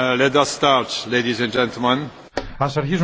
Uh, Ας αρχίσουμε, Κυρίε και κύριοι,